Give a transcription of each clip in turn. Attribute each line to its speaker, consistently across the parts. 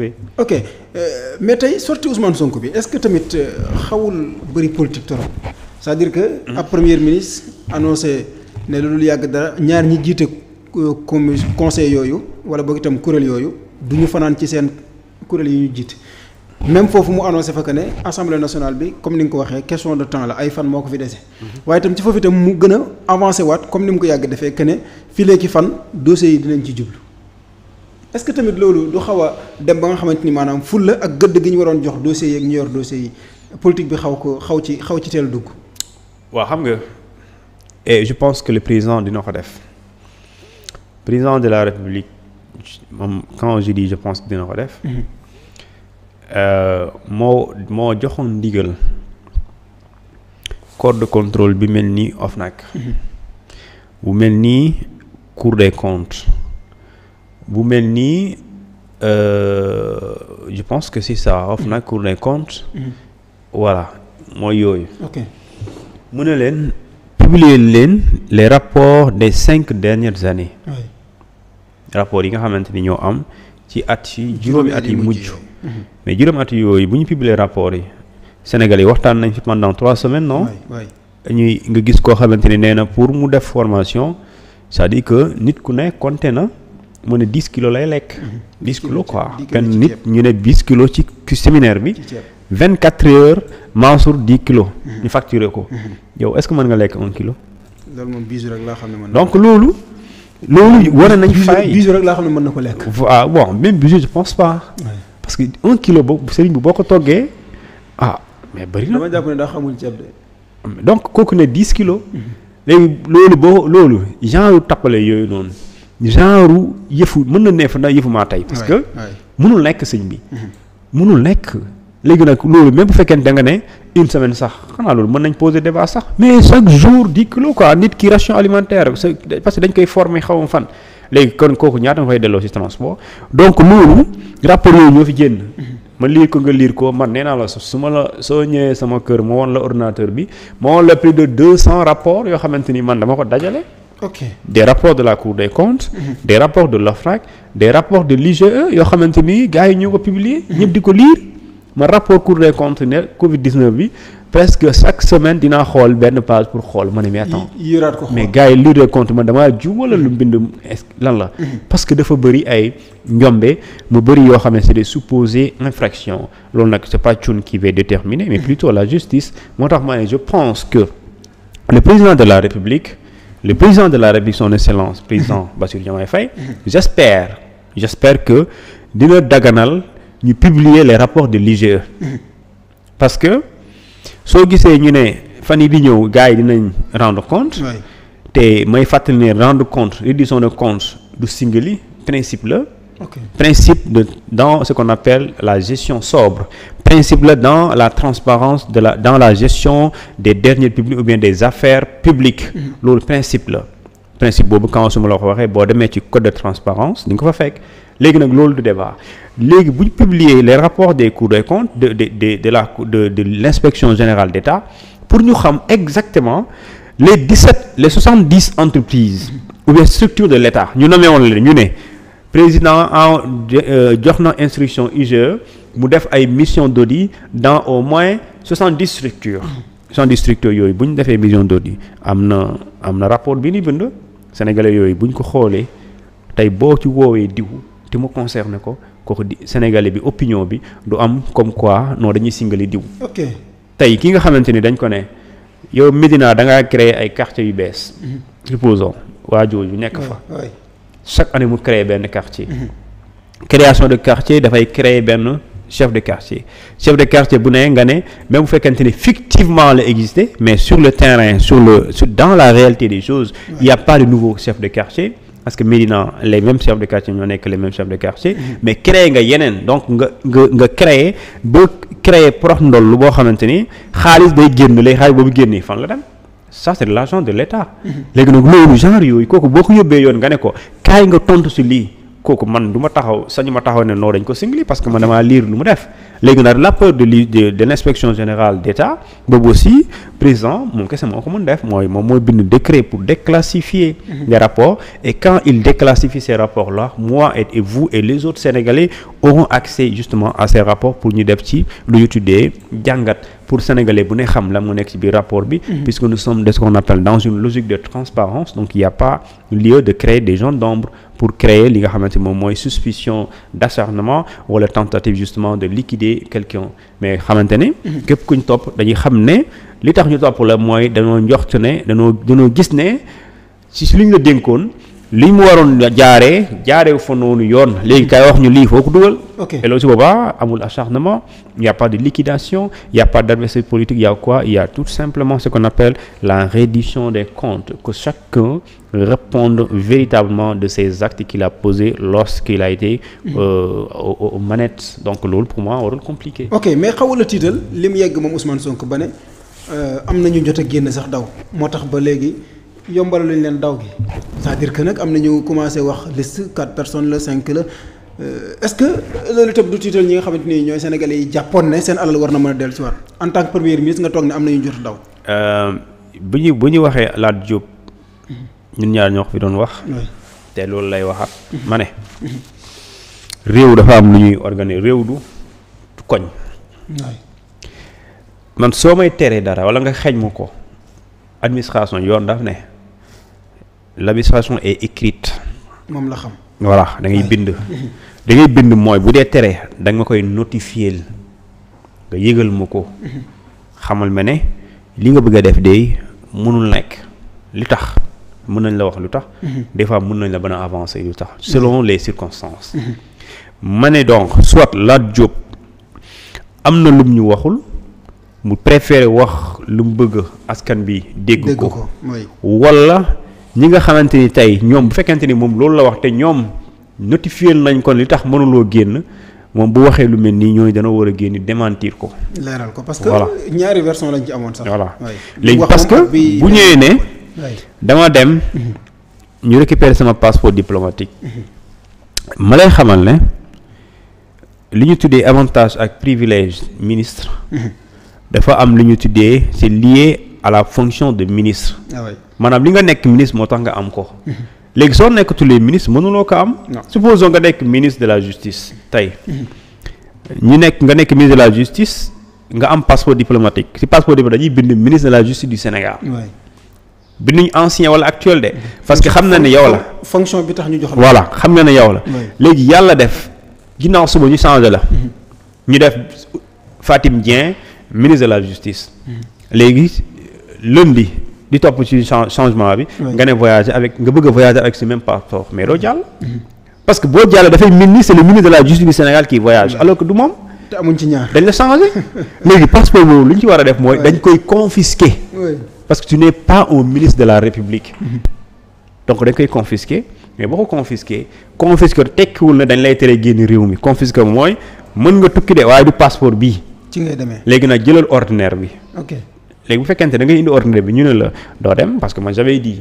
Speaker 1: oui
Speaker 2: ok euh, mais tey sorti Ousmane Sonko bi est-ce que tamit euh, xawul bëri politique trop c'est-à-dire que. Hmm. ab premier ministre annoncé ne lu yàgg dara ñaar ñi jiite euh, commu conseil yooyu wala boog itam kuréel yooyu duñu fanaan ci seen kuréel yi ñu jiite. même foofu mu annoncé fa que ne assemblée nationale bi comme ni nga ko waxee question de temps la ay fan moo ko fi dese. Hmm. waaye itam ci foofu itam mu gën a waat comme ni mu ko yàgg defee que ne fii léegi fan dossiers yi dinañ ci jublu. est-ce que tamit loolu du xaw dem ba nga xamante ni maanaam fulla ak gëdd gi ñu waroon jox dossiers yi ak ñu yor dossiers yi politique bi xaw ko xaw ci xaw
Speaker 1: ci teel dugg. waaw xam nga et je pense que président dina ko def de la république moom je pense dina ko def. Mhm. Euh, moo moo joxoon ndigal corps de contrôle bi mel ni OFNAC. bu mhm. mel ni cour des comptes. bu mel nii euh, je pense que c'est ça OFNAC Cour des voilà mooy yooyu mu ne leen publier leen les rapports des cinq dernières années rapports yi nga xamante ni ñoo am ci at yi juróomi at yi mujj mm-hmm. mais juróomi at yooyu bu ñu publier rapports yi Sénégal yi waxtaan nañ fi pendant trois semaines non ñuy nga gis koo xamante ni nee na pour mu def formation c'est-à-dire que nit ku ne compté na mu ne dix kilos lay lekk. Mhm. dix kilos quoi benn nit ñu ne dix kilos ci ci séminaire bi. vingt quatre heures Mansour dix kilos. Mhm. ñu facturé ko. Mhm. yow est que mën nga lekk un kilo.
Speaker 2: loolu moom bisu rek laa xam ne mën donc
Speaker 1: loolu. loolu ah, wane nañ fay bisu laa xam ne mën na ko lekk. ah bon même bisu je pense pas. parce que un kilo boobu sëriñ bi boo ko toggee ah mais bëri na.
Speaker 2: dama jàpp ne daa xamul ceeb
Speaker 1: donc kooku ne dix kilos. léegi loolu boo loolu genre tappale yooyu noonu. genre yëfu mën na neef na yëfu maa tey. parce que mënul nekk sëñ bi. mënul nekk léegi nag loolu même bu fekkee nga ne une semaine sax xanaa loolu mën nañ poser débat sax mais chaque jour dix kilos quoi nit ki ration alimentaire parce que dañ koy former xawam fan. léegi kon kooku ñaata nga fay delloo ci transport donc loolu rapport yooyu ñoo fi génn. ma liir ko nga liir ko man nee naa la su ma la soo ñëwee sama kër ma woon la ordinateur bi ma woon la de deux cent rapports yoo xamante ni man dama ko dajale. ok des rapports de la cour des comptes. Mhm. des rapports de l'OFNAC des rapports de l'IGE yoo xamante ni gars yi ñu ko publier. Mhm. ñëpp di ko lire ma rapport cour des comptes ne Covid 19 bi presque chaque semaine dinaa xool benn page pour xool ma ne mais attends. yëraat ko mais gars yi lire des comptes man damaa ju wala lan la. Mhm. parce que dafa bëri ay njombe mu bëri yoo xam ne c'est des supposées infractions loolu nag c'est pas Thioune qui va déterminer mais plutôt la justice moo tax ma ne je pense de la République. le président de la République son excellence président Bassirou Diomaye Faye j'espère j'espère que dina daganal ñu publier les rapport de l'IGE parce que soo gisee ñu ne fan yi di ñëw gars yi dinañ rendre compte te may fàttali ne rendre compte reddition de compte du singali principe la Okay. Principe de, dans ce qu'on appelle la gestion sobre. Principe là dans la transparence, de la, dans la gestion des derniers publics ou bien des affaires publiques. Mm -hmm. loolu principe la. principe boobu quand su ma la ko waxee boo demee ci code de transparence di nga ko fa fekk léegi nag loolu du débat léegi bu ñu publier les rapports des cours des comptes de de de de la l'inspection générale d'État pour ñu xam exactement les 17 les 70 entreprises mhm. ou bien structures de l'État ñu ñu ne. président en euh, jox na instruction IGE mu def ay mission d'audit dans au moins soixante-dix structures soixante-dix yooyu bu ñu defee mission d'audit am na am na rapport bi ni bind sénégalais yooyu buñ ko xoolee tey boo ci woowee diw te mu concerné ko kooku di sénégalais bi opinion bi du am comme quoi non dañuy singali diw ok tey ki nga xamante ni dañ ko ne yow Médina da ngaa créer ay quartiers yu bees mm-hmm. supposons waa jooju nekk fa chaque année mu créer benn quartier. Mhm. création de quartier dafay créer benn chef de quartier chef de quartier bu nee nga ne même bu fekkente ne fictivement la existé mais sur le terrain sur le sur dans la réalité des choses. Ouais. il y a pas de nouveau chef de quartier. parce que Médina les mêmes chefs de quartier ñoo nekk les mêmes chefs de quartier. Mhm. mais créer nga yeneen donc nga nga nga créer boo créer prox ndoll boo xamante ni xaalis day génn lay xaalis boobu génnee fan la dem. ça c'est de l'argent de l'État mhm. léegi nag loolu genre yooyu kooku boo ko yóbbee yoon nga ne ko kaay nga tontu si lii kooku man du ma taxaw sañu ma taxaw ne noo dañ ko singli parce que man damaa liir lu mu def léegi nag rapport de l' de l' inspection générale d' état boobu aussi président moom kese moo ko mën def mooy moom mooy bind décret pour déclassifier mhm. les rapports et quand il déclassifie ces rapports là moi et vous et les autres sénégalais auront accès justement à ces rapports pour ñu def ci lu ñu tuddee jàngat pour sénégalais bu ne xam la mu nekk ci biir rapport bi mhm. puisque nous sommes de ce qu'on appelle dans une logique de transparence a pas lieu de créer des zones d'ombre pour créer li nga xamante moom mooy suspicion d'acharnement wala tentative justement de liquider quelqu'un mais xamante ne képp kuñ topp dañuy xam ne li tax ñu topp la mooy dañoo njort ne dañoo dañoo gis ne si su liñ la dénkoon li mu waroon jaaree jaaree fa noonu yoon léegi kay wax ñu lii foo ko dugal. ok loolu si boobaa amul acharnement il a pas de liquidation il y a pas d'adversaire politique il y a quoi il tout simplement ce qu'on appelle la reddition des comptes que chacun réponde véritablement de ses actes qu'il a posés lorsqu'il a été. Mm. Euh, aux, aux manettes donc loolu pour moi warul compliqué.
Speaker 2: ok mais xawul a tiital li mu yegg moom Ousmane Sonko ba ne euh, am na ñu jot a génn sax daw moo tax ba léegi. yombal lañ leen daw gi cest dire que nag am na ñu commencé wax liste quatre personnes la cinq la euh, est-ce que loolu itam du tiital ñi nga xamante ni ñooy sénégale yi jàppoon ne seen alal war na mën a dellu si war en tant que premier ministre nga toog ne am na ñu jot daw.
Speaker 1: Euh, bu ñu bu ñu waxee Lat Diop ñun ñaar ñoo fi doon wax. te loolu lay waxaat. Mhm. ma ne réew dafa am lu ñuy organiser réew du koñ. man soo may teree dara wala nga xeeñ mu ko administration yoon daf ne. l'administration est écrite. moom la voilà da ngay bind. da ngay bind mooy bu dee tere da nga ma koy notifier nga yëgal ma ko. xamal ma ne li nga bëgg a def de mënul nekk li tax mën nañ la wax lu tax. Mhm. des fois mën nañ la bana avancer lu tax mhm. selon les circonstances. Mhm. ma ne donc soit Lat Diop am na lum ñu waxul. mu préféré wax lu mu bëgg askan bi dégg ko walla ñi nga xamante ni tey ñoom bu fekkente ni moom loolu la wax te ñoom notifié nañ kon li tax mënuloo génn moom bu waxee lu mel nii ñooñu dana war a génn démentir ko. leeral ko parce que.
Speaker 2: ñaari version lañ ci amoon sax. voilà léegi parce que bu ñëwee ne.
Speaker 1: dama dem. Mhm. ñu récupérer sama passeport diplomatique. Mhm. ma lay xamal ne li ñu tuddee avantage ak privilège ministre. Mhm. dafa am li ñu tuddee c'est lié à la fonction de ministre. Ah maanaam li nga nekk ministre moo tax nga am ko léegi soo nekkatulee ministre mënuloo ko am supposons nga nekk ministre de la justice tey ñu nekk nga nekk ministre de la justice nga am passeport diplomatique si passeport diplomatique dañuy bind ministre de la justice du Sénégal
Speaker 2: ñu
Speaker 1: ancien wala actuel de parce que xam na ne yow la
Speaker 2: fonction bi tax ñu jox voilà
Speaker 1: xam na ne yow la léegi yàlla def ginnaaw suba ñu changé la mm-hmm. ñu def Fatim Dieng ministre de la justice mm-hmm. léegi lundi di topp ci changement bi. nga ne voyager avec nga bëgg a voyager avec ce même passeport mais doo jàll. Mm-hmm. parce que boo jàll dafay mel ni c' est le ministre de la justice du Sénégal qui voyage alors que ci ñaar dañ la changé. léegi passeport boobu lu ñu ci war a def mooy. dañ koy confisquer. parce que tu n' es pas un ministre de la République. Mm-hmm. donc dañ koy confisquer mais boo ko confisquer tekkiwul na dañ lay tere génn réew mi confisquer mooy mën nga tukki de waaye du passeport bii. ci ngay demee léegi nag jëlal ordinaire bi. léegi bu fekkente da ngay indi ordinaire bi ñu ne la doo dem parce que man j'avais dit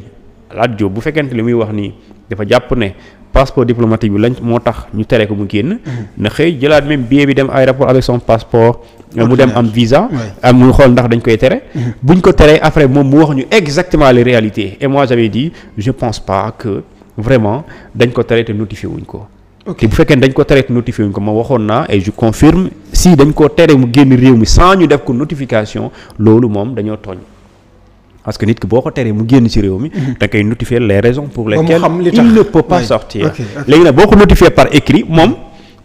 Speaker 1: Lat Diop bu fekkente li muy wax nii dafa jàpp ne passeport diplomatique bi lañ moo tax ñu tere ko mu génn. Mhm. na xëy jëlaat même billet bi dem aéroport avec son passeport. Euh, mu dem am visa. am mu xool ndax dañ koy tere. Mhm. buñ ko teree après moom mu wax ñu exactement les réalités et moi j'avais dit je pense pas que vraiment dañ ko tere te notifié wuñ ko. te bu fekkee dañ ko tere notifié wuñ ko ma waxoon naa et je confirme si dañ ko tere mu génn réew mi sans ñu def ko notification loolu moom dañoo tooñ parce que nit ki boo ko teree mu génn ci réew mi mhm. da koy notifier les raisons pour lesquelles il ne peut pas sortir léegi nag boo ko notifié par écrit moom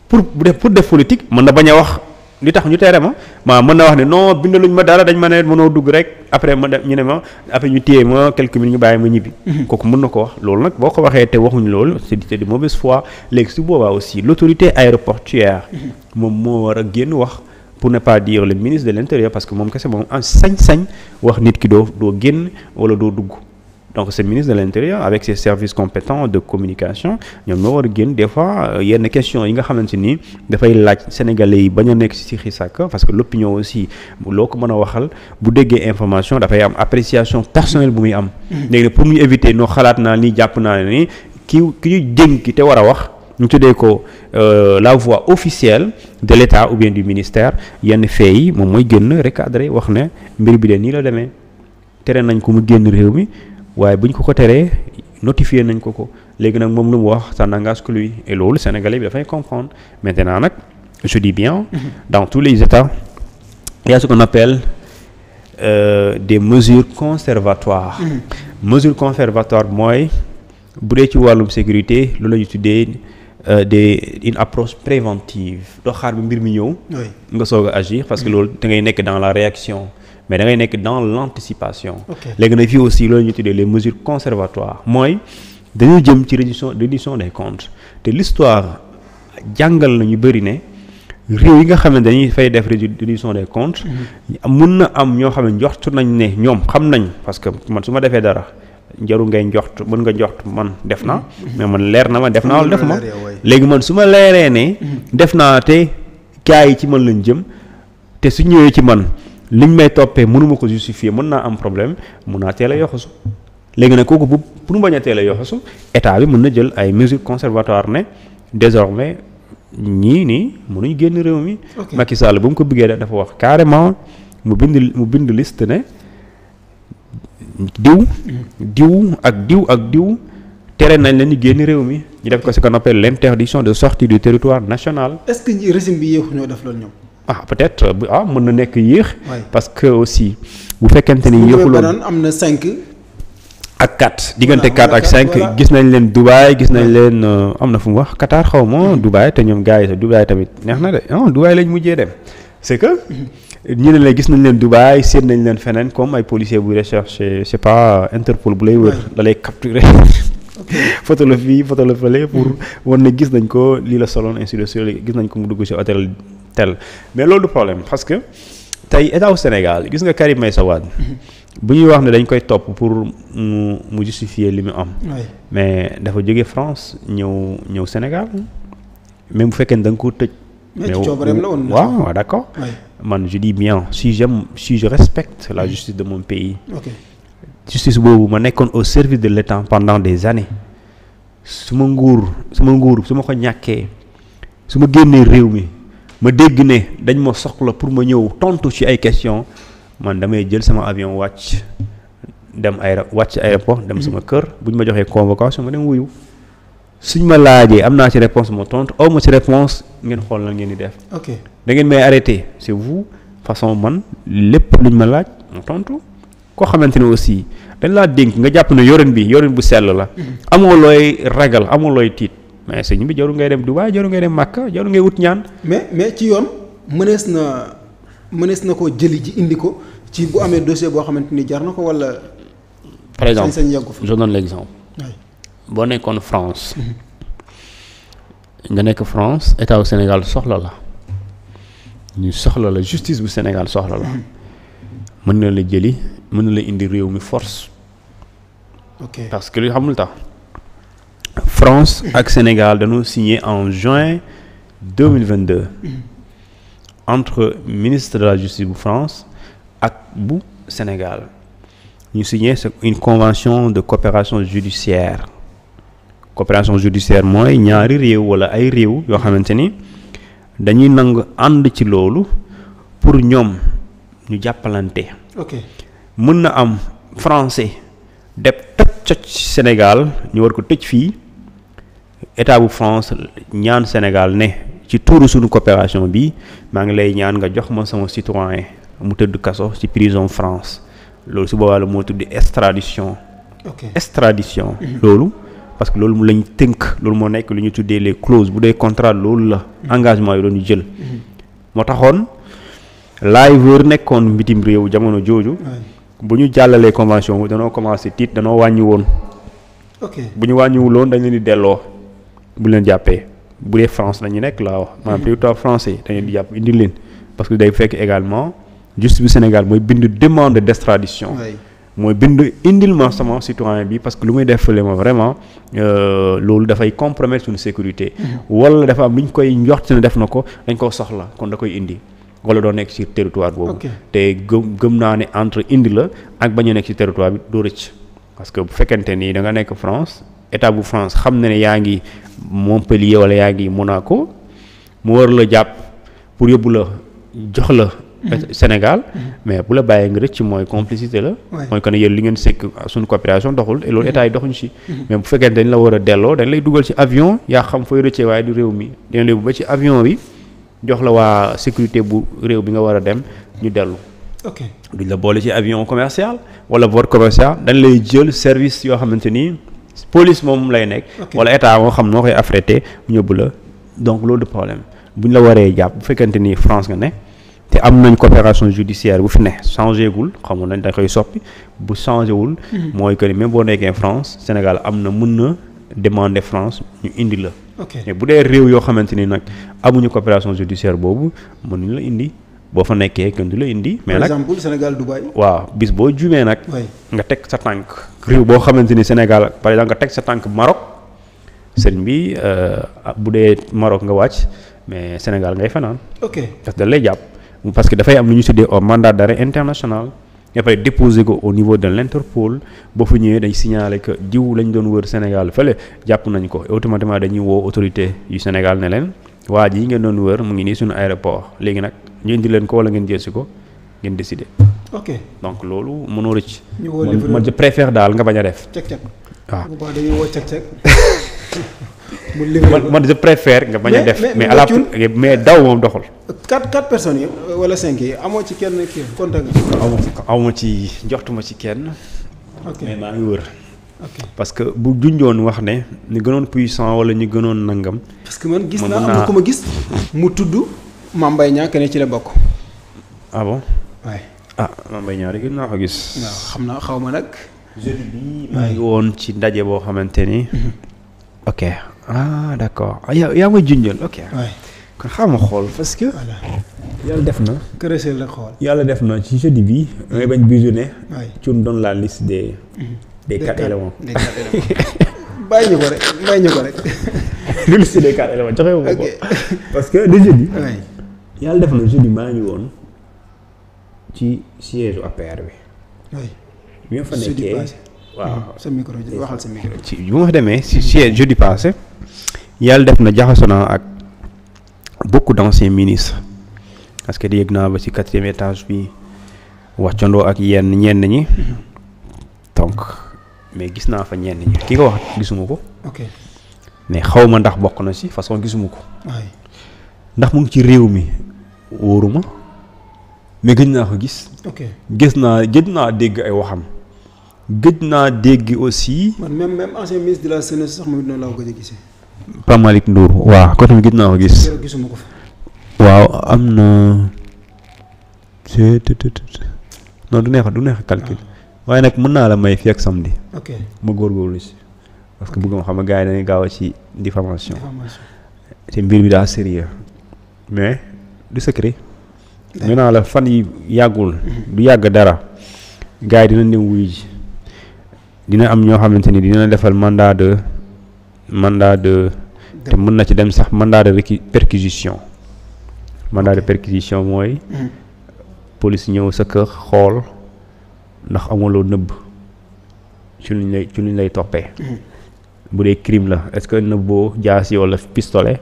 Speaker 1: pour def pour def politique mën na bañ a wax li tax ñu tere ma ma mën na wax ne non bindaluñ ma dara dañ ma ne mënoo dugg rek après ma ñu ne ma après ñu téye ma quelques minutes ñu bàyyi ma ñibbi. Mhm. kooku mën na ko wax loolu nag boo ko waxee te waxuñ loolu c'est de mauvaise foi léegi su boobaa aussi l'autorité aéroportuaire. Mhm. moom moo war a génn wax. pour ne pas dire le ministre de l'intérieur parce que moom kese moom am sañ-sañ wax nit ki doo doo génn wala doo dugg donc ce ministre de l'intérieur avec service services de communication ñoom ñoo war a génn des fois euh, yenn question yi nga xamante ni dafay laaj sénégalais yi bañ a nekk si xi sàkk parce que l'opinion aussi loo ko mën a waxal bu déggee information dafay am appréciation personnelle bu muy am mm-hmm. léegi pour muy éviter noo xalaat naa ni jàpp naa ni kii ki ñu ki te war a wax ñu tuddee ko euh, la voix officielle de l'État ou bien du ministère yenn fee yi moom mooy génn recadré wax ne mbir bi de nii la demee tere nañ ko mu génn réew mi waaye bu ñu ko ko teree notifié nañ ko ko léegi nag moom lu mu wax ça n'engage que lui loolu sénégalais bi dafay comprendre maintenant nag je dis bien mhm. dans tous les états il y a ce euh, des mesures conservatoires mhm. mesures conservatoires mooy bu dee ci wàllum sécurité lu la ñu tuddee euh, des une approche préventive doo xaar bi mbir mi ñëw nga soog a agir parce que mhm. loolu da ngay nekk dans la réaction mais da nekk dans l' anticipation. léegi nag fii aussi loolu ñu tuddee le mesures conservatoires mooy dañu jëm ci reddition reddition des comptes te l'histoire jàngal na ñu bëri ne réew yi nga xam ne dañuy fay def reddition des comptes. Mhm. mun na am ñoo xam ne njort nañ ne ñoom xam nañ parce que man su ma defee dara. njaru ngay njoxt mën nga njoxt man def naa mhm. mais man leer na ma def naa wala def ma léegi man su ma leeree ne mhm. def naa te gaa yi ci man lañ jëm te su ñëwee ci man liñ may toppee mënuma ko justifier mën naa am problème mun naa teel a yoxosu léegi nag kooku bu pour mu bañ a teel a yoxosu état bi mën na jël ay mesures conservatoires ne désormais ñii nii mënuñ génn réew mi. Macky Sall ba mu ko bëggee dafa wax carrément mu bind mu bind liste ne diw. diw ak diw ak diw. tere nañ leen ñu génn réew mi ñu def ko ce qu'on appelle l'interdiction de sortie du territoire national.
Speaker 2: est-ce bi yéexu ñoo def loolu ñoom.
Speaker 1: ah peut-être euh, ah mën na nekk yéex. parce que aussi bu fekkente ni yéexuloon am na cinq ak 4 diggante 4 ak 5 gis nañ leen Dubaay gis nañ leen euh, am na fu mu wax Qatar xaw ma mm-hmm. Dubaay te ñoom gars yi Dubaay tamit neex na de non ah, Dubaay lañ mujjee dem c'est que. ñu ne la gis nañ leen Dubaay seet nañ leen feneen comme ay policier buy recherché c'est pas Interpol bu lay wër da lay capturer photo la fii pour mm-hmm. wan ne gis nañ ko lii la soloon ainsi gis nañ ko mu dugg ci hôtel tel mais loolu problème parce que tey état au Sénégal gis nga Karim Meïssa Wade bu ñuy wax ne dañ koy topp pour mu mu justifier li mu am. mais dafa jóge France ñëw ñëw Sénégal mais bu fekkee ne danga nga ko tëj. mais coobareem la accord. man je bien si j'aime si de mon pays. ok boobu ma nekkoon au service de l' état pendant des années su ma nguur su ma nguur su ma ko ñàkkee su ma génnee réew mi. ma dégg ne dañ ma soxla pour ma ñëw tontu ci ay question man damay jël sama avion wàcc dem aéro wàcc aéroport dem suma kër bu ñu ma joxee convocation ma dem wuyu suñ ma laajee am naa ci réponse ma tontu aw ma ci réponse ngeen xool lan ngeen di def. ok da ngeen may arrêté c'est vous façon man lépp luñ ma laaj ma tontu. koo xamante ne aussi dañ laa dénk nga jàpp ne yorin bi yorin bu sell la. Mm-hmm. amoo looy ragal amoo looy tiit. mais sëñ bi jarul ngay dem Dubaay jarul ngay dem Makka jarul ngay wut ñaan. mais mais ci
Speaker 2: yoon mënees na mënees na koo jëli ji indi ko ci bu amee dossier boo xamante ni jar na ko wala.
Speaker 1: par exemple je donne l'exemple. boo nekkoon France. Mhm. nga nekk France état wu Sénégal soxla la ñu soxla la justice bu Sénégal soxla la. Mhm. mën na la jëli mën na la indi réew mi force. ok parce que li xamul tax. France ak Sénégal dañoo signé en juin deux mille vingt deux entre ministre de la justice bu France ak bu Sénégal ñu sa une convention de coopération judiciaire coopération judiciaire mooy ñaari réew walla ay réew yoo xamante ni dañuy nangu ànd ci loolu pour ñoom ñu jàppalante. mën na am français def toj Sénégal ñu war ko tëj fii. état bu France ñaan Sénégal ne ci tuuru suñu coopération bi maa ngi lay ñaan nga jox ma sama citoyen mu tëdd kaso ci prison France loolu su boobaa la moo tudd extradition. ok extradition. Mhm. loolu parce que loolu mu lañ tënk loolu moo nekk lu ñu tuddee les clauses bu dee contrate loolu la. Mhm. engagement yi doon jël. Mhm. moo taxoon laay wër nekkoon mbitim réew jamono jooju. bu ñu jàllalee convention bi danoo commencé tiit danoo wàññi woon. bu ñu wàññiwuloon dañ leen di delloo. bu leen jàppee bu dee France la ñu nekk laa wax maanaam hmm. territoire français dañuy di jàpp indi leen parce que day fekk également justice bu Sénégal mooy bind demande d'extradition mooy bind indil ma sama citoyen bi parce que lu muy defalee ma vraiment euh, loolu dafay compromettre suñu sécurité hmm. wala dafa am lu ñu koy ne def na ko dañ koo soxla kon da koy indi wala doo nekk ci territoire boobu te gëm gëm naa ne entre indi la ak bañ a nekk ci territoire bi doo rëcc parce que bu fekkente nii da nga nekk France état bu France xam na ne yaa ngi Montpellier wala yaa ngi Monaco mu war la jàpp pour yóbbu la jox la. Sénégal mais bu la bàyyee nga rëcc mooy complicité la. mooy que ne yéen li ngeen sekk suñu coopération doxul et loolu mm-hmm. état dox ñu si. Mm-hmm. mais bu fekkee dañ la war a delloo dañ lay dugal ci avion yaa xam fooy rëccee waaye du réew mi dina la yóbbu ba ci avion bi jox la waa sécurité bu réew bi nga war a dem ñu dellu. ok duñ la boole ci avion commercial wala vol commercial dañ lay jël service yoo xamante ni. police moom lay nekk. wala état moo xam noo koy affrété mu yóbbu la donc loolu du problème bu ñu la waree jàpp bu fekkente ni France nga ne te am nañ coopération judiciaire bu fi ne changé gul xamoon nañ dañ koy soppi bu changé wul. Mhm. mooy que ni même boo nekkee France Sénégal am na mën na demande France ñu indi la. mais bu dee réew yoo xamante ni nag amuñu coopération judiciaire boobu mënuñ la indi. boo fa nekkee kenn du la indi. mais nag par exemple Sénégal waaw bis boo jumee nag. nga teg sa tànk. réew boo xamante ni Sénégal par exemple nga teg sa tànk Maroc sëñ bi euh, bu dee Maroc nga wàcc mais Sénégal ngay fanaan. ok parce lay jàpp parce que dafay am lu ñu tuddee au mandat d'arrêt international. nga pare déposé ko au niveau de l' Interpol boo fu ñëwee day signaler que diw lañ doon wër Sénégal fële jàpp nañ ko automatiquement dañuy woo autorité yu Sénégal ne leen waa ji yi ngeen doon wër mu ngi nii suñu aéroport léegi nag. ñu indi leen ko wala ngeen jël si ko ngeen décider. ok donc loolu mënoo rëcc. ñu woo man je préfère daal nga bañ a def.
Speaker 2: cek cek waaw waaw dañuy woo cek cek
Speaker 1: man man nga bañ a def. mais à la eh, mais daw moom doxul.
Speaker 2: quatre quatre personnes yi euh, wala cinq yi amoo ci kenn kii kontaan nga.
Speaker 1: aw ma ci joxtuma ci kenn. ok maa ngi wër. Okay. parce que bu junjoon wax ne ñu gënoon puissant wala ñu gënoon nangam. parce que man gis ma gis mu
Speaker 2: tudd. Mame Mbaye Niang ci la bokk.
Speaker 1: ah bon. waay ah, rek gën
Speaker 2: xam naa xaw ma nag. maa ngi
Speaker 1: hmm. woon ci ndaje boo xamante ni. Hmm. ok ah d'accord ah, yow yaa ma junjal ok. waay kon xaama xool parce que.
Speaker 2: yàlla def na. kërëseel la xool.
Speaker 1: yàlla def na ci jeudi bi. ngay bañ visionné. waay ci doon la liste des. Hmm. des quatre éléments des quatre ko rek bàyyi ñu ko rek. liste des quatre éléments joxe wu ma parce que de jeudi. yàlla def na jeudi maa ngi woon ci siège bi. bi ma fa nekkee waaw mm-hmm. ci bi ma fa demee si siège jeudi passé yàlla def na jaxasoo ak beaucoup d'anciens ministre parce que di yëg naa ba ci quatrième étage bi wàccandoo ak yenn ñenn ñi tonk mm-hmm. mais gis naa fa ñenn ñi ki ko wax gisuma ko. ok mais xaw ma ndax bokk na ci façon gisuma ko. ndax mu ngi ci réew mi wóoruma mais gëj naa ko gis. gis naa gëj naa dégg ay waxam. gëj naa dégg aussi.
Speaker 2: man même même ancien ministre de naa
Speaker 1: ko gis. ko waaw am na. non du neex du neex calcul. Ah. waaye nag mën naa la may fii ak samedi. ok ma góorgóorlu si. parce que bëgg nga xam ne yi dañuy gaaw a ci diffamation. te mbir bi daa sérieux mais. du secret. nee naa la fan yi yàggul. du yàgg dara. gars yi dinañ dem wuy ji dina am ñoo xamante ni dina defal mandat de mandat de. te mën na ci dem sax mandat de perquisition mandat de perquisition mooy. police ñëw sa kër xool ndax amuloo nëbb ci luñ lay lay toppee. bu dee crime la est-ce que nëbboo jaasi walla pistolet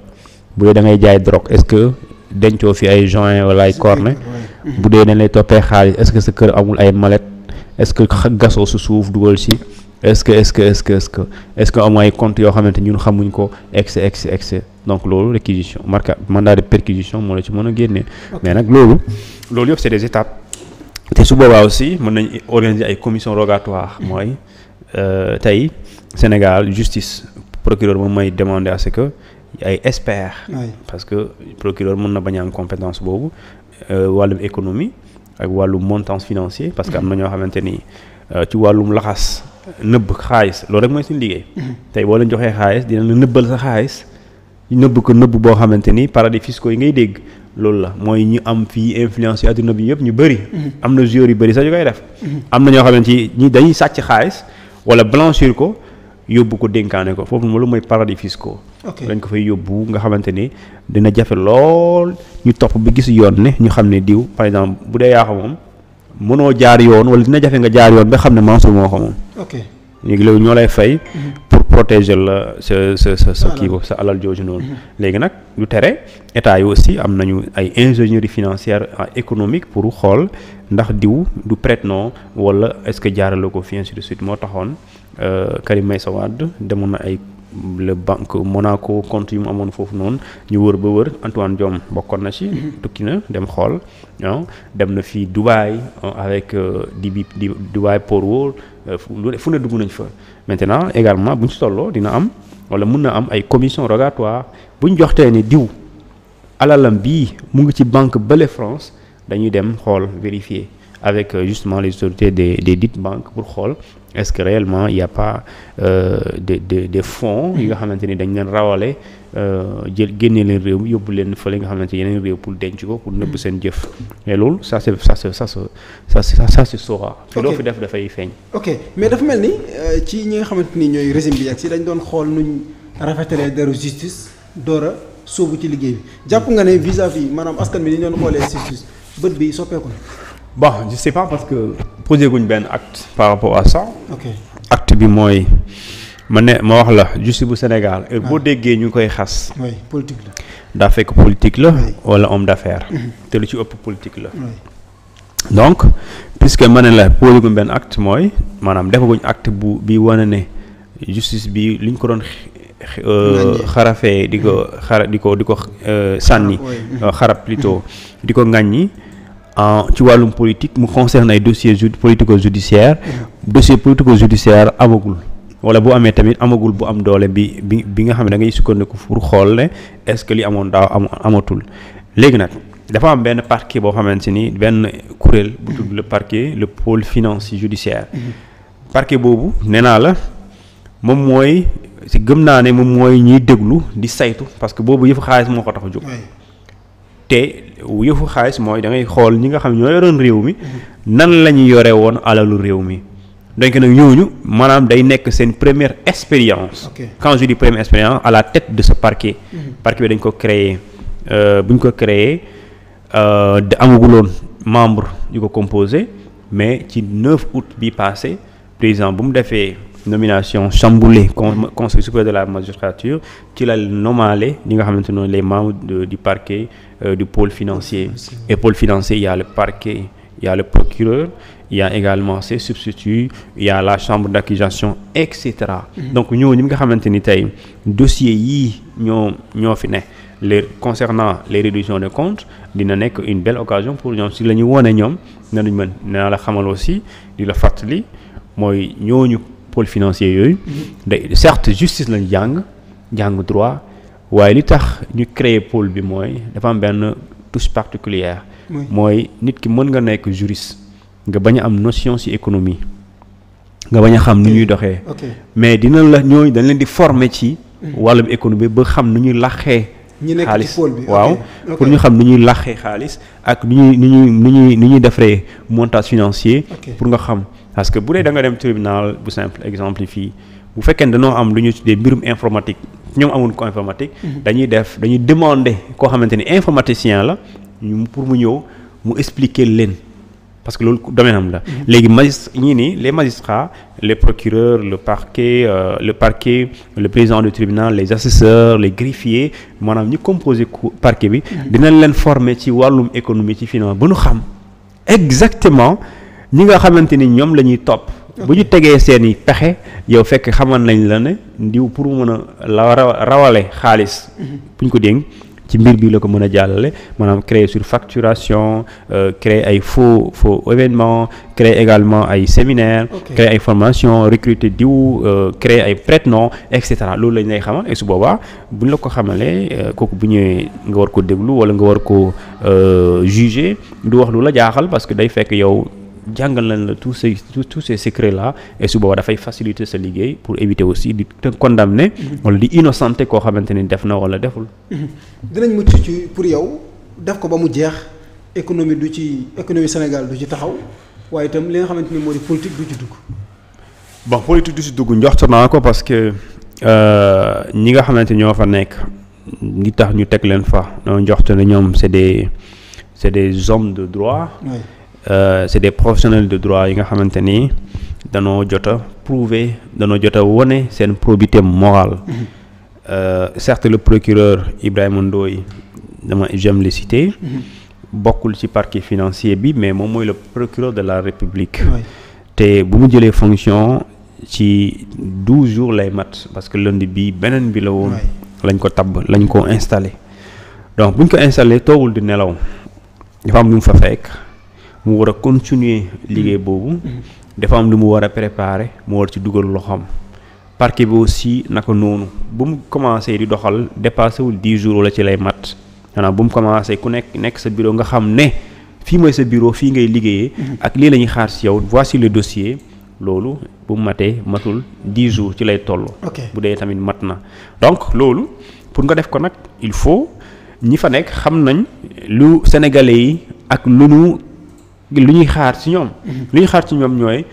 Speaker 1: bu dee da ngay jaay drogue est-ce que dencoo fi ay join wala ay cornet mm-hmm. bu dee dañ lay toppee xaalis est-ce que sa kër amul ay mallette est-ce que gasoo su suuf dugal ci est-ce que est que que est-ce ce que amoo ay compte yoo xamante ñun xamuñ ko exe exe exe donc loolu réquisition marqué mandat de perquisition moo la ci mën a génnee mais nag loolu loolu yëpp c'est des étapes te su boobaa aussi mën nañ organiser ay commission rogatoire mm-hmm. mooy euh, tey Sénégal justice procureur moom may demander à que ay experts. parce que procureur mën na bañ a am compétence boobu euh, wàllum économie ak wàllum montant financier parce que am na ñoo xamante ni euh, ci wàllum laxas nëbb xaalis loolu rek mooy suñu liggéey. Mhm. tey boo leen joxee xaalis dina la nëbbal sa xaalis nëbb ko nëbb boo xamante ni paradis fiscaux yi ngay dégg loolu la mooy ñu am fii influence yu adduna bi yëpp ñu bëri. Mhm. am na joueurs yu bëri sax yu koy def. Mhm. am na ñoo xamante ni dañuy sàcc xaalis wala blanchir ko. yóbbu ko dénkaane ko foofu loolu mooy paradis fiscaux. lañ ko fay yóbbu nga xamante ni dina jafe lool ñu topp bi gis yoon ne ñu xam ne diw par exemple bu dee yaa ko moom mënoo jaar yoon wala dina jafe nga jaar yoon ba xam ne Mansour moo ko moom. ok léegi loolu ñoo lay fay. Mhm. pour protéger la sa sa sa sa kii boobu sa alal noonu. Mhm. léegi nag lu tere état yi aussi am nañu ay ingénierie financière ah, économique pour xool ndax diw du prête non wala est-ce que jaarale ko fi ainsi de suite moo taxoon. Euh, Karim Meïssa Wade demoon na ay banque Monaco compte yu mu amoon foofu noonu ñu wër ba wër Antoine Diome bokkoon na ci. Mhm. tukki na dem xool ah, dem na fii Dubaï ah, avec euh, di bi di Dubaï Port World euh, fu ne dugg nañ fa. maintenant également bu ci tolloo dina am walla mun na am ay commission rogatoire bu ñu joxtee ni diw alalam bii mu ngi ci banque bële France dañuy dem xool vérifier. avec euh, justement les autorités des, des dites banques pour xool est-ce que réellement il y a pas euh, des des des fonds yi nga xamante ni dañ leen rawale euh, jël génne leen réew mi yóbbu leen fa yi nga xamante yeneen réew pour denc ko pour nëbb seen jëf mais loolu ça c'est ça c'est ça ça ça ça se loo fi def dafay feeñ
Speaker 2: ok mais dafa mel ni ci ñi nga xamante ni ñooy régime bi ak si dañ doon xool nuñ rafetalee deru justice door a ci liggéey bi jàpp nga ne vis-à-vis maanaam askan
Speaker 1: bi dañ doon xoolee justice bët bi soppeeku na bon je sais pas parce que posé guñ benn acte par rapport à ça. bi mooy ma ne ma wax la justice bu Sénégal. boo ah. déggee ñu koy xas. oui daa fekk politique la. wala homme d'affaires. Mm-hmm. te lu ci ëpp politique la. donc puisque ma ne la posé guñ benn acte mooy maanaam defaguñ acte bu bi wane ne justice bi liñ ko doon. Euh, xarafee di ko mm-hmm. xara di ko di euh, sànni mm-hmm. euh, xarab plutôt di ko ŋàññi en ci wàllum politique mu concerne ay dossiers ju politico judiciaire dossier politico judiciaire amagul wala bu amee tamit amagul bu am doole bi bi bi nga xam ne da sukkandiku pour xool ne est-ce que li amoon daaw am amatul léegi nag dafa am benn parquet boo xamante ni benn kuréel bu tudd le parquet le pôle finance judiciaire parquet boobu nee naa la moom mooy si gëm naa ne moom mooy ñuy déglu di saytu parce que boobu yëfu xaalis moo ko tax a jóg te yëfu xaalis mooy da xool ñi nga xam ñoo yoroon réew mi nan la ñu yore woon alalu réew mi donc nag ñooñu maanaam day nekk seen première expérience quand je dis première expérience à la tête de ce parquet mhm. parquet bi dañ ko créé euh, bu ñu ko créé euh, da amaguloon membre yu ko composé mais ci 9 août bi passé président bu mu defee nomination chamboulée conseil supérieur de la magistrature ci la nommaale ñi nga xamante noonu les membres du parquet euh, du pôle financier et pôle financier il y a le parquet il y a le procureur il y a également ses substituts il y a la chambre d'accusation et mhm. donc ñoo ñi nga xamante ni tey dossier yii ñoo ñoo fi ne les concernant les réductions de comptes dina nekk une belle occasion pour ñoom si la ñu wone ñoom man mën naa la xamal aussi di la fàttali mooy ñooñu pôle financier yooyu day certes justice lañ jàng jàng droit waaye li tax ñu créer pole bi mooy dafa am benn touche particulière mooy nit ki mën nga nekk juriste nga bañ am notion ci économie nga bañ a xam ni ñuy doxee mais dina la ñooñu dañ leen di former ci mm. wàllum économie ba xam nu ñuy laxee xaalis waaw pour ñu xam ni ñuy laxee xaalis ak ni ñuy ni ñuy ni ñuy ni ñuy defaree montage financier pour nga xam parce que bu dee da nga dem tribunal bu simple exemplifie bu fekkee ne dañoo am lu ñuy tuddee mbirum informatique ñoom amul ko informatique. Mhm. dañuy def dañuy demander koo xamante ni informaticien la ñu pour mu ñëw mu expliquer leen. parce que loolu domaine am la. Mhm. léegi magis ñii nii les magistrats les procureurs le parquet euh, le parquet le président du tribunal les assesseurs les greffiers maanaam ñi composé parquet bi. Mhm. dinañ leen former ci wàllum économie ci finance ba ñu xam. exactement. ñi nga xamante ni ñoom la ñuy topp. bu ñu tegee seen i pexe yow fekk xamal nañ la ne ndiw pour mën a la rawale xaalis. Mhm. buñ ko dénk ci mbir bi la ko mën a jàllale maanaam créer surfacturation euh, créer ay faux faux événements créer également ay séminaires. créer ay formations recruter diw euh, créer ay prête-noms et cetera loolu lañ lay xamal et su boobaa buñ la ko xamalee euh, kooku bu ñëwee nga war ko déglu wala nga war ko juger du wax lu la jaaxal parce que day fekk yow. jàngal nañ la tous ces tous tous ces secrets là et su booba dafay facilité sa liggéey pour éviter aussi di te condamner mm-hmm. wala di innocenter koo xamante ni def na wala deful.
Speaker 2: Mm-hmm. dinañ mucc ci pour yow def ko ba mu jeex économie du ci économie Sénégal du ci taxaw waaye itam li nga xamante ni moo di politique du
Speaker 1: ci dugg. bon politique du ci dugg njoxte naa ko parce que euh, ñi nga xamante ñoo fa nekk li tax ñu teg leen fa ñoo njoxte ñoom c'est des c'est des hommes de droit. Euh, c'est des professionnels de droit yi nga xamante ni danoo jot a prouver danoo jot a wone seen probité morale euh, certes le procureur Ibrahima Ndoye dama j'aime le citer bokkul ci parquet financier bi mais moom mooy le procureur de la République te bu mu jëlee fonction ci douze jours lay mat parce que lundi bi beneen bi la woon lañ ko tabb lañ ko installé donc buñ ko installé toogul di nelaw dafa am lu mu fa fekk mu war a continuer liggéey mm. boobu mm. dafa am lu mu war a préparer mu war ci dugal loxoom parquet bi si naka noonu bu mu commencé di doxal dépassé wul 10 jours la ci lay mat maanaam bu mu commencé ku nekk nekk sa biro nga xam ne fii mooy sa biro fii ngay liggéeyee mm-hmm. ak lii la ñuy xaar si yow voici le dossier loolu bu matee matul 10 jours ci lay toll bu dee tamit mat na donc loolu pour nga def ko nag il faut ñi fa nekk xam nañ lu sénégalais yi ak lu nu li ñuy xaar ci ñoom. Mm-hmm. lu ñuy xaar ci ñoom ñooy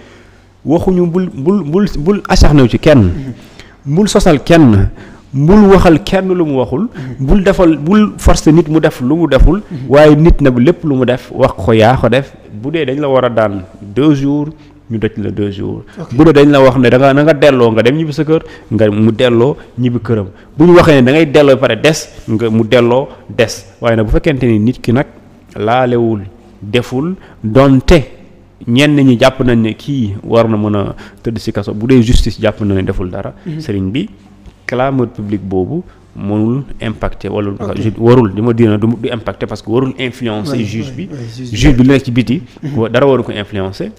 Speaker 1: waxuñu bul bul bul bul acharné ci kenn. Mm-hmm. bul sosal kenn. bul waxal kenn lu mu waxul. Mm-hmm. bul defal bul forcer nit mu def lu mu deful. waaye nit nag lépp lu mu def wax ko yaa ko def bu dee dañ la war a daan deux jours ñu doj la deux jours. bu dañ la wax ne da na nga delloo nga dem ñibbi sa kër nga mu delloo ñibbi këram bu ñu waxee ne da ngay delloo pare des nga mu delloo des waaye nag bu fekkente ne nit ki nag laalewul. deful donte ñenn ñi jàpp nañ ne kii war na mën a tëdd ci kaso bu dee justice jàpp na deful dara. Mhm. sëriñ bi clameur publique boobu mënul impacter wala. warul di ma dina du impacter parce que warul influencer juge bi juge bi li nekk ci biti. Mhm. dara waru ko influencer.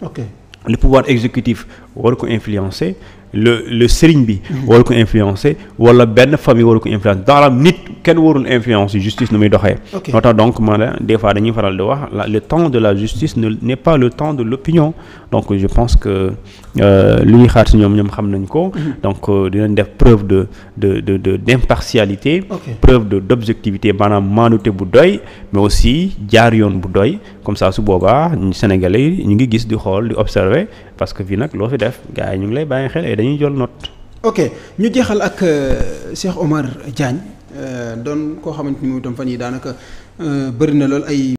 Speaker 1: le pouvoir exécutif waru ko influencer. le le sëriñ bi. Mhm. waru ko influencer wala benn famille waru ko influencer daanaka nit kenn warul influencer justice nu muy doxee. moo tax donc maanaam des fois dañuy faral di wax le temps de la justice ne n'est pas le temps de l'opinion donc je pense que euh, lu ñuy xaar si ñoom ñoom xam nañ ko. Mhm. donc euh, dinañ def preuve de de de de d'impartialité. Okay. preuve de d'objectivité maanaam maanute bu doy mais aussi jaar yoon bu doy comme ça su boobaa Sénégalais yi ñu ngi gis di xool di observer. parce que fii nag loo fi def gars yi ñu ngi lay bàyyi xel et dañuy jël note.
Speaker 2: ok ñu jeexal ak euh, Cheikh Omar Diagne euh, doon koo xamante ni moom itam fan yi daanaka euh, bëri na loolu ay.